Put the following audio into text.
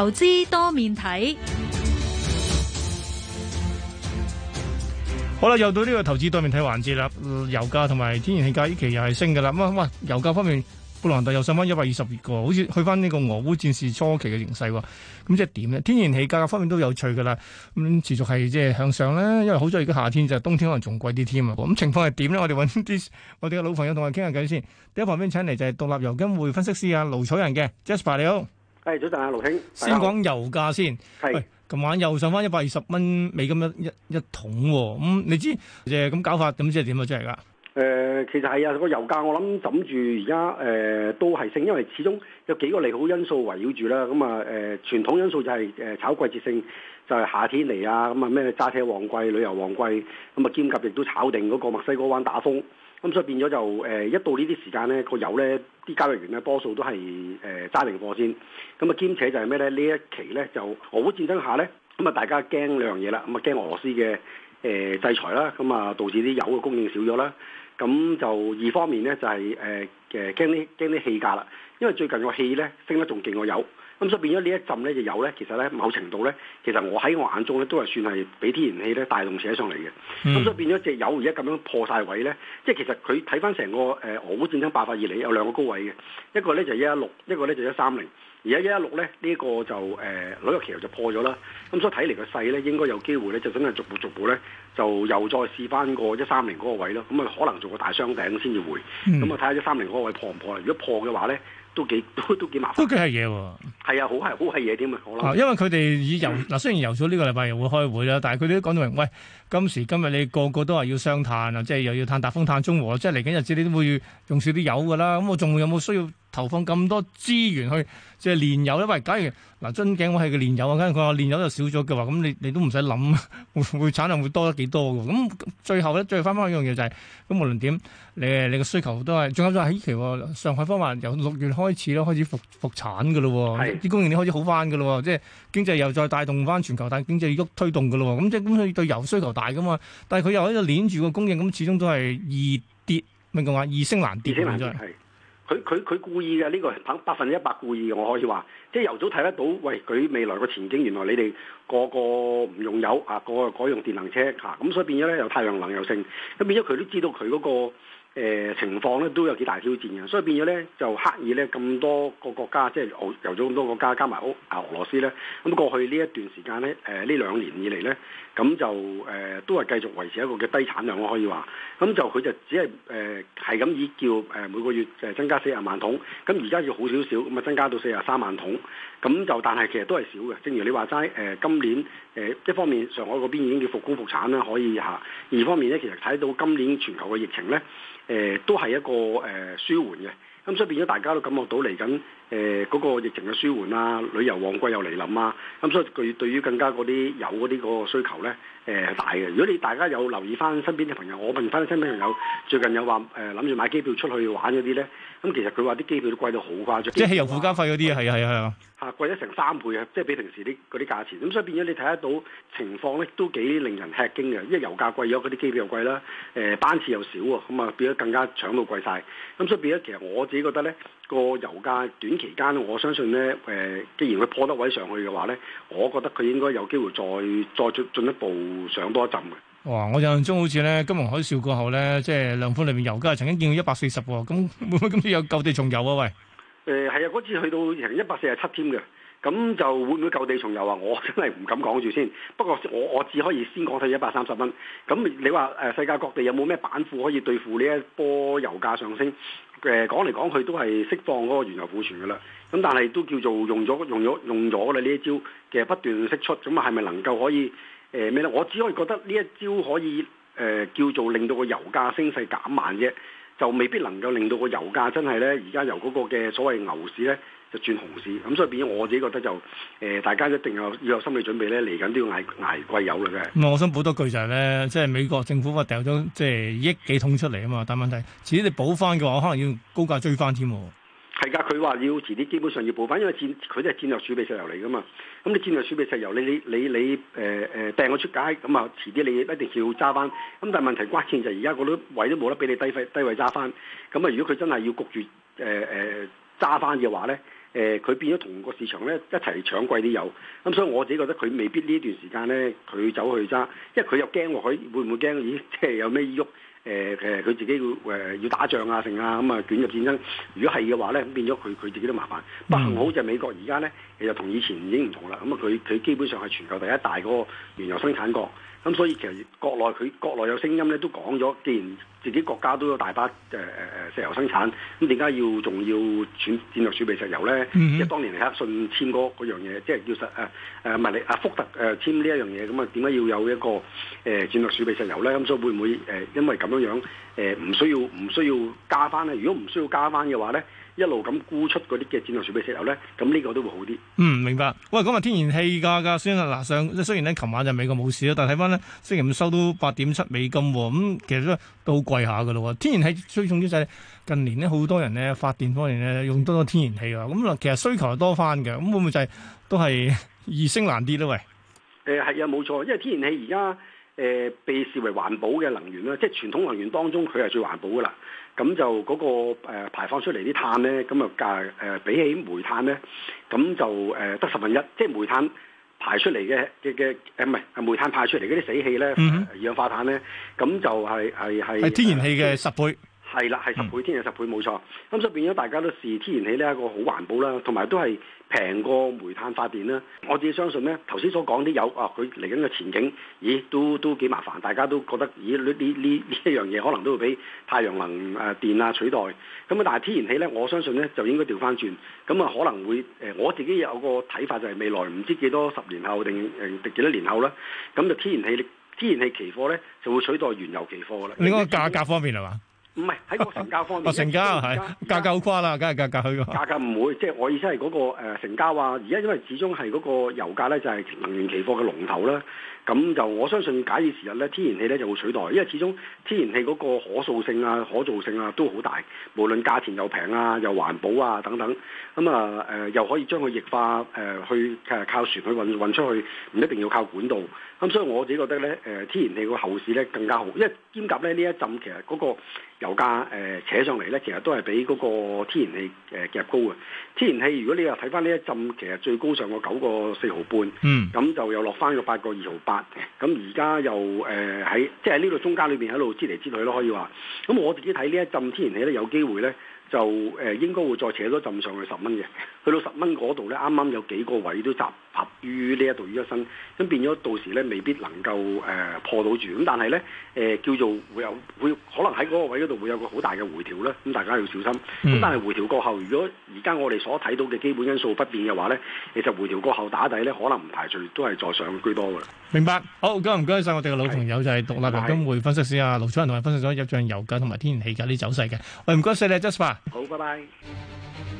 投資多面睇，好啦，又到呢個投資多面睇環節啦。油價同埋天然氣價呢期又係升噶啦。咁、嗯、啊，油價方面，布蘭特又上翻一百二十二個，好似去翻呢個俄烏戰事初期嘅形勢喎。咁、嗯、即係點呢？天然氣價格方面都有趣噶啦。咁、嗯、持續係即係向上咧，因為好在，而家夏天就冬天可能仲貴啲添啊。咁、嗯、情況係點呢？我哋搵啲我哋嘅老朋友同我哋傾下偈先。第一，旁邊請嚟就係獨立油金匯分析師阿盧楚仁嘅 Jasper，你好。誒，早陣啊，盧兄，先講油價先。係是，琴晚又上翻一百二十蚊美金一一一桶喎、哦。咁、嗯、你知誒咁搞法，咁即係點啊？出嚟㗎？誒，其實係啊，個油價我諗枕住而家誒都係升，因為始終有幾個利好因素圍繞住啦。咁啊誒，傳統因素就係誒炒季節性，就係、是、夏天嚟啊。咁啊咩揸車旺季、旅遊旺季，咁、嗯、啊兼夾亦都炒定嗰個墨西哥灣打風。咁所以變咗就誒、呃、一到呢啲時間咧，個油咧啲交易員咧多數都係誒揸定貨先。咁啊兼且就係咩咧？呢一期咧就俄烏戰爭下咧，咁啊大家驚兩樣嘢啦。咁啊驚俄羅斯嘅誒、呃、制裁啦，咁啊導致啲油嘅供應少咗啦。咁、啊、就二方面咧就係誒誒驚啲驚啲氣價啦，因為最近個氣咧升得仲勁過油。咁、嗯、所以變咗呢一陣呢就油咧，其實咧某程度咧，其實我喺我眼中咧，都係算係畀天然氣咧帶動寫上嚟嘅。咁、嗯、所以變咗隻油而家咁樣破晒位咧，即係其實佢睇翻成個誒俄烏戰爭爆發以嚟有兩個高位嘅，一個咧就一一六，一個咧就一三零。而家一一六咧呢個就誒紐約期油就破咗啦。咁所以睇嚟個勢咧，應該有機會咧就真係逐步逐步咧就又再試翻個一三零嗰個位咯。咁啊可能做個大雙頂先至回。咁啊睇下一三零嗰個位破唔破啊？如果破嘅話咧。都幾都都幾麻煩都幾係嘢喎。係啊，好係好係嘢添啊！好，諗，因為佢哋以油嗱， 雖然油咗呢個禮拜又會開會啦，但係佢哋都講到明，喂，今時今日你個個都話要雙碳啊，即係又要碳達峰碳中和，即係嚟緊日子你都會用少啲油噶啦。咁我仲會有冇需要？投放咁多資源去即係煉油因為，假如嗱樽頸我係個煉油啊，咁佢話煉油就少咗嘅話，咁你你都唔使諗，會會產量會多幾多嘅。咁最後咧，再翻翻一樣嘢就係、是，咁無論點，你你個需求都係。仲有就係喺呢期上海方面由六月開始咧，開始復復產嘅咯，啲是供應咧開始好翻嘅咯，即、就、係、是、經濟又再帶動翻全球，但經濟喐推動嘅咯，咁即係咁佢對油需求大嘅嘛，但係佢又喺度鏈住個供應，咁始終都係易跌咩講啊？易升難跌。佢佢佢故意嘅呢、這個係百分之一百故意嘅，我可以話即係由早睇得到，喂，佢未來個前景，原來你哋個個唔用油啊，個個改用電能車吓咁、啊、所以變咗咧有太陽能又剩，咁變咗佢都知道佢嗰、那個。誒、呃、情況咧都有幾大挑戰嘅，所以變咗咧就刻意咧咁多個國家，即係由咗咁多個國家加埋烏啊俄羅斯咧，咁過去呢一段時間咧，誒呢兩年以嚟咧，咁、嗯、就誒、呃、都係繼續維持一個嘅低產量，我可以話，咁、嗯、就佢就只係誒係咁以叫誒每個月誒增加四十萬桶，咁而家要好少少，咁啊增加到四十三萬桶，咁就但係其實都係少嘅，正如你話齋誒今年誒、呃、一方面上海嗰邊已經叫復工復產啦，可以嚇；二方面咧，其實睇到今年全球嘅疫情咧。誒都係一個誒舒緩嘅，咁所以變咗大家都感覺到嚟緊誒嗰個疫情嘅舒緩啊，旅遊旺季又嚟臨啊，咁所以佢對於更加嗰啲有嗰啲個需求咧誒係大嘅。如果你大家有留意翻身邊嘅朋友，我問翻啲身邊朋友最近有話誒諗住買機票出去玩嗰啲咧，咁其實佢話啲機票都貴到好誇張，即係汽油附加費嗰啲啊，係啊係啊。貴咗成三倍啊！即係比平時啲啲價錢，咁所以變咗你睇得到情況咧，都幾令人吃驚嘅。因為油價貴咗，嗰啲機票又貴啦，誒班次又少啊，咁啊變咗更加搶到貴晒。咁所以變咗，其實我自己覺得咧，個油價短期間，我相信咧，誒既然佢破得位上去嘅話咧，我覺得佢應該有機會再再進進一步上多一陣嘅。哇！我印象中好似咧，金融海嘯過後咧，即係量寬裏面油價曾經見到一百四十喎，咁會唔會今次有舊地重遊啊？喂！誒係啊！嗰次去到成一百四十七添嘅，咁就會唔會舊地重遊啊？我真係唔敢講住先。不過我我只可以先講睇一百三十蚊。咁你話誒世界各地有冇咩板庫可以對付呢一波油價上升？誒講嚟講去都係釋放嗰個原油庫存㗎啦。咁但係都叫做用咗用咗用咗㗎啦呢一招嘅不斷釋出。咁係咪能夠可以誒咩咧？我只可以覺得呢一招可以誒、呃、叫做令到個油價升勢減慢啫。就未必能夠令到個油價真係咧，而家由嗰個嘅所謂牛市咧，就轉熊市。咁所以變咗我自己覺得就誒、呃，大家一定有要有心理準備咧，嚟緊都要捱捱貴油啦嘅。唔係、嗯，我想補多句就係、是、咧，即係美國政府話掉咗即係億幾桶出嚟啊嘛，但問題，遲啲你補翻嘅話，我可能要高價追翻添。係噶，佢話要遲啲，基本上要補翻，因為戰佢都係戰略儲備石油嚟噶嘛。咁你戰略儲備石油，你你你你誒誒掟我出街，咁啊遲啲你一定要揸翻。咁但係問題關鍵就係而家嗰啲位都冇得俾你低費低位揸翻。咁啊，如果佢真係要焗住誒誒揸翻嘅話咧，誒、呃、佢變咗同個市場咧一齊搶貴啲油。咁所以我自己覺得佢未必呢段時間咧，佢走去揸，因為佢又驚喎，佢會唔會驚？咦、哎，即係有咩喐？哎哎哎哎哎誒誒，佢、呃、自己要誒、呃、要打仗啊，成啊，咁啊捲入戰爭，如果係嘅話咧，變咗佢佢自己都麻煩。不幸好就係美國而家咧，其實同以前已經唔同啦。咁啊，佢佢基本上係全球第一大嗰個原油生產國，咁所以其實國內佢國內有聲音咧，都講咗，既然自己國家都有大把誒誒誒石油生產，咁點解要仲要轉戰略儲備石油咧？即係當年尼克遜簽嗰嗰樣嘢，即係叫實誒誒唔係你阿福特誒簽呢一樣嘢，咁、呃、啊點解要有一個誒、呃、戰略儲備石油咧？咁所以會唔會誒、呃、因為咁？咁樣誒，唔需要唔需要加翻咧？如果唔需要加翻嘅話咧，一路咁沽出嗰啲嘅戰略儲備石油咧，咁呢個都會好啲。嗯，明白。喂，講埋天然氣價㗎先啦，嗱，上雖然咧，琴晚就美國冇市啦，但係睇翻咧，星期五收到八點七美金喎。咁、嗯、其實咧都好貴下嘅咯喎。天然氣最重要，就係近年咧好多人咧發電方面咧用多咗天然氣啊。咁、嗯、嗱，其實需求又多翻嘅，咁、嗯、會唔會就係、是、都係易升難跌咧？喂，誒係啊，冇錯，因為天然氣而家。誒、呃、被視為環保嘅能源啦，即係傳統能源當中佢係最環保噶啦。咁就嗰、嗰個、呃、排放出嚟啲碳咧，咁啊價誒比起煤炭咧，咁就誒得、呃、十分一，即係煤炭排出嚟嘅嘅嘅誒唔係煤炭排出嚟嗰啲死氣咧，嗯、二氧化碳咧，咁就係係係天然氣嘅十倍。係啦、嗯，係十倍，天然氣十倍冇錯。咁所以變咗大家都視天然氣呢一個好環保啦，同埋都係。平過煤炭發電啦，我自己相信呢。頭先所講啲油啊，佢嚟緊嘅前景，咦，都都幾麻煩，大家都覺得咦，呢呢呢一樣嘢可能都會俾太陽能誒電啊取代，咁啊，但係天然氣呢，我相信呢，就應該調返轉，咁啊可能會誒，我自己有個睇法就係未來唔知幾多十年後定誒幾多年後啦，咁就天然氣天然氣期貨呢，就會取代原油期貨噶啦。你講價格方面係嘛？唔係喺個成交方面， 啊、成交係在價格好誇啦，梗係價格去咯。價格唔會，即、就、係、是、我意思係嗰、那個、呃、成交啊！而家因為始終係嗰個油價咧，就係能源期貨嘅龍頭啦。咁就我相信假以時日咧，天然氣咧就會取代，因為始終天然氣嗰個可塑性啊、可造性啊都好大。無論價錢又平啊、又環保啊等等，咁啊誒又可以將佢液化誒、呃、去誒靠船去運運出去，唔一定要靠管道。咁、嗯、所以我自己覺得咧誒、呃，天然氣個後市咧更加好，因為兼夾咧呢一陣其實嗰、那個。油價誒、呃、扯上嚟咧，其實都係畀嗰個天然氣誒夾高嘅。天然氣如果你又睇翻呢一浸，其實最高上過九個四毫半，嗯，咁就又落翻、呃、個八個二毫八。咁而家又誒喺即係呢度中間裏邊喺度擠嚟擠去咯，可以話。咁我自己睇呢一浸天然氣咧，有機會咧就誒、呃、應該會再扯多浸上去十蚊嘅，去到十蚊嗰度咧，啱啱有幾個位都集。於呢一度於一身，咁變咗到時咧未必能夠誒、呃、破到住，咁但係咧誒叫做會有會可能喺嗰個位嗰度會有個好大嘅回調啦，咁大家要小心。咁、嗯、但係回調過後，如果而家我哋所睇到嘅基本因素不變嘅話咧，其實回調過後打底咧可能唔排除都係再上居多嘅。明白，好，唔該晒我哋嘅老朋友是就係獨立油白金匯分析員阿盧楚仁，同埋分析咗入帳油價同埋天然氣價啲走勢嘅。唔該晒你 Jasper 好，拜拜。